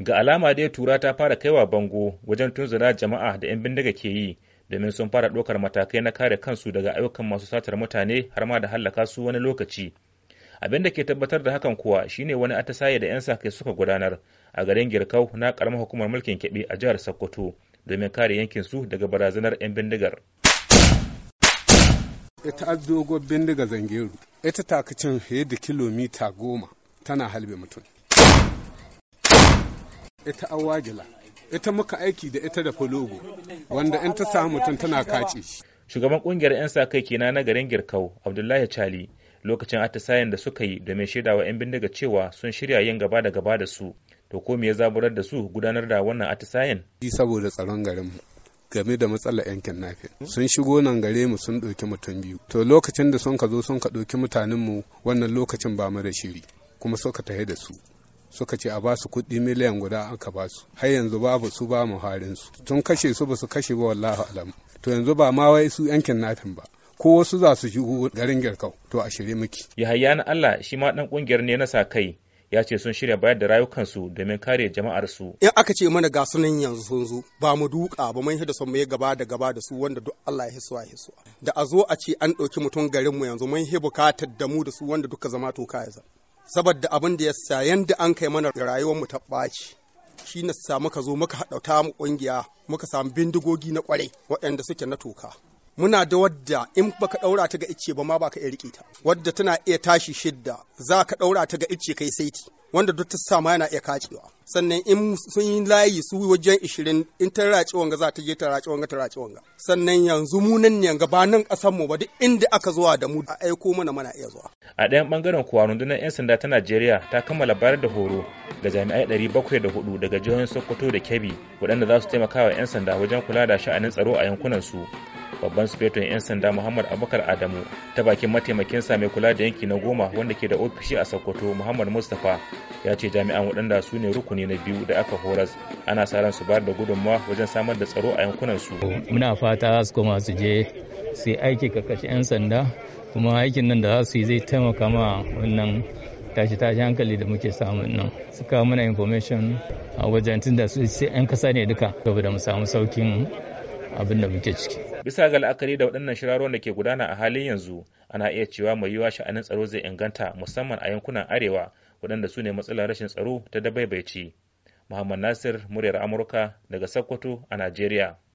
ga alama dai tura ta fara kaiwa bango wajen tunzura jama'a da 'yan bindiga ke yi domin sun fara ɗaukar matakai na kare kansu daga ayyukan masu satar mutane har ma da hallaka su wani lokaci abin da ke tabbatar da hakan kuwa shine wani atisaye da 'yan sake suka gudanar a garin girkau na karamar hukumar mulkin kyaɓe a jihar sokoto domin kare yankin su daga barazanar 'yan bindigar ita azogo bindiga zangeru ita takacin fiye da kilomita goma tana halbe mutum ita awagila ita muka aiki da ita da fologo wanda in ta samu mutum tana kace shugaban kungiyar 'yan sa kai kenan na garin girkau abdullahi chali lokacin atisayen da suka yi da domin shaidawa 'yan bindiga cewa sun shirya yin gaba da gaba da su to ko me ya zaburar da su gudanar da wannan atisayen saboda tsaron garin game da matsalar yankin nafi sun shigo nan gare mu sun ɗauki mutum biyu to lokacin da sun ka zo sun ka ɗauki mutanenmu wannan lokacin ba mu da shiri kuma suka tahe da su suka ce a ba su kuɗi miliyan guda aka ba su har yanzu babu su ba mu harin su tun kashe su ba kashe ba wallahi alam to yanzu ba ma wai su yankin natin ba ko wasu za su shigo garin girkau to a shirye miki yahaya na Allah shi ma dan kungiyar ne na sa kai ya ce sun shirya bayar da rayukansu domin kare jama'ar su in aka ce mana ga sunan yanzu sun zo ba mu duka ba mun hida son mu yi gaba da gaba da su wanda duk Allah ya hisu a hisu. da a zo a ce an ɗauki mutum garin mu yanzu mun hi bukatar da mu da su wanda duka zama to kaya saboda abin da ya sa yanda an kai mana rayuwar mu ta ɓaci shi na sa muka zo muka haɗauta mu ƙungiya muka samu bindigogi na ƙwarai waɗanda suke na toka muna da wadda in baka ɗaura ta ga icce ba ma baka iya riƙe ta wadda tana iya tashi shidda za ka ɗaura ta ga icce kai saiti wanda duk ta sama yana iya kacewa sannan in sun yi layi su wajen ishirin in ta raci wanga za ta je ta raci wanga ta raci wanga sannan yanzu mu nan ne ba nan kasan mu ba duk inda aka zuwa da mu a aiko mana mana iya zuwa a ɗayan bangaren kuwa rundunar yan sanda ta Najeriya ta kammala bayar da horo ga jami'ai 704 daga jihohin Sokoto da Kebbi waɗanda za su taimaka wa yan sanda wajen kula da sha'anin tsaro a yankunan su babban sufetun 'yan sanda muhammad abubakar adamu ta bakin mataimakinsa mai kula da yanki na goma wanda ke da ofishi a sokoto muhammad mustapha ya ce jami'an waɗanda su ne rukuni na biyu da aka horas ana sa ran su bayar da gudunmawa wajen samar da tsaro a yankunan su muna fata su koma su je su aiki kashe 'yan sanda kuma aikin nan da za su yi zai taimaka ma wannan tashi tashi hankali da muke samun nan su kawo mana information a wajen tunda su sai 'yan kasa ne duka saboda mu samu saukin abin da muke ciki bisa ga la'akari da waɗannan shiraron da ke gudana a halin yanzu ana iya cewa mai yiwuwa sha'anin tsaro zai inganta musamman a yankunan arewa waɗanda su ne matsalar rashin tsaro ta dabaibaici muhammad nasir muryar amurka daga sokoto a najeriya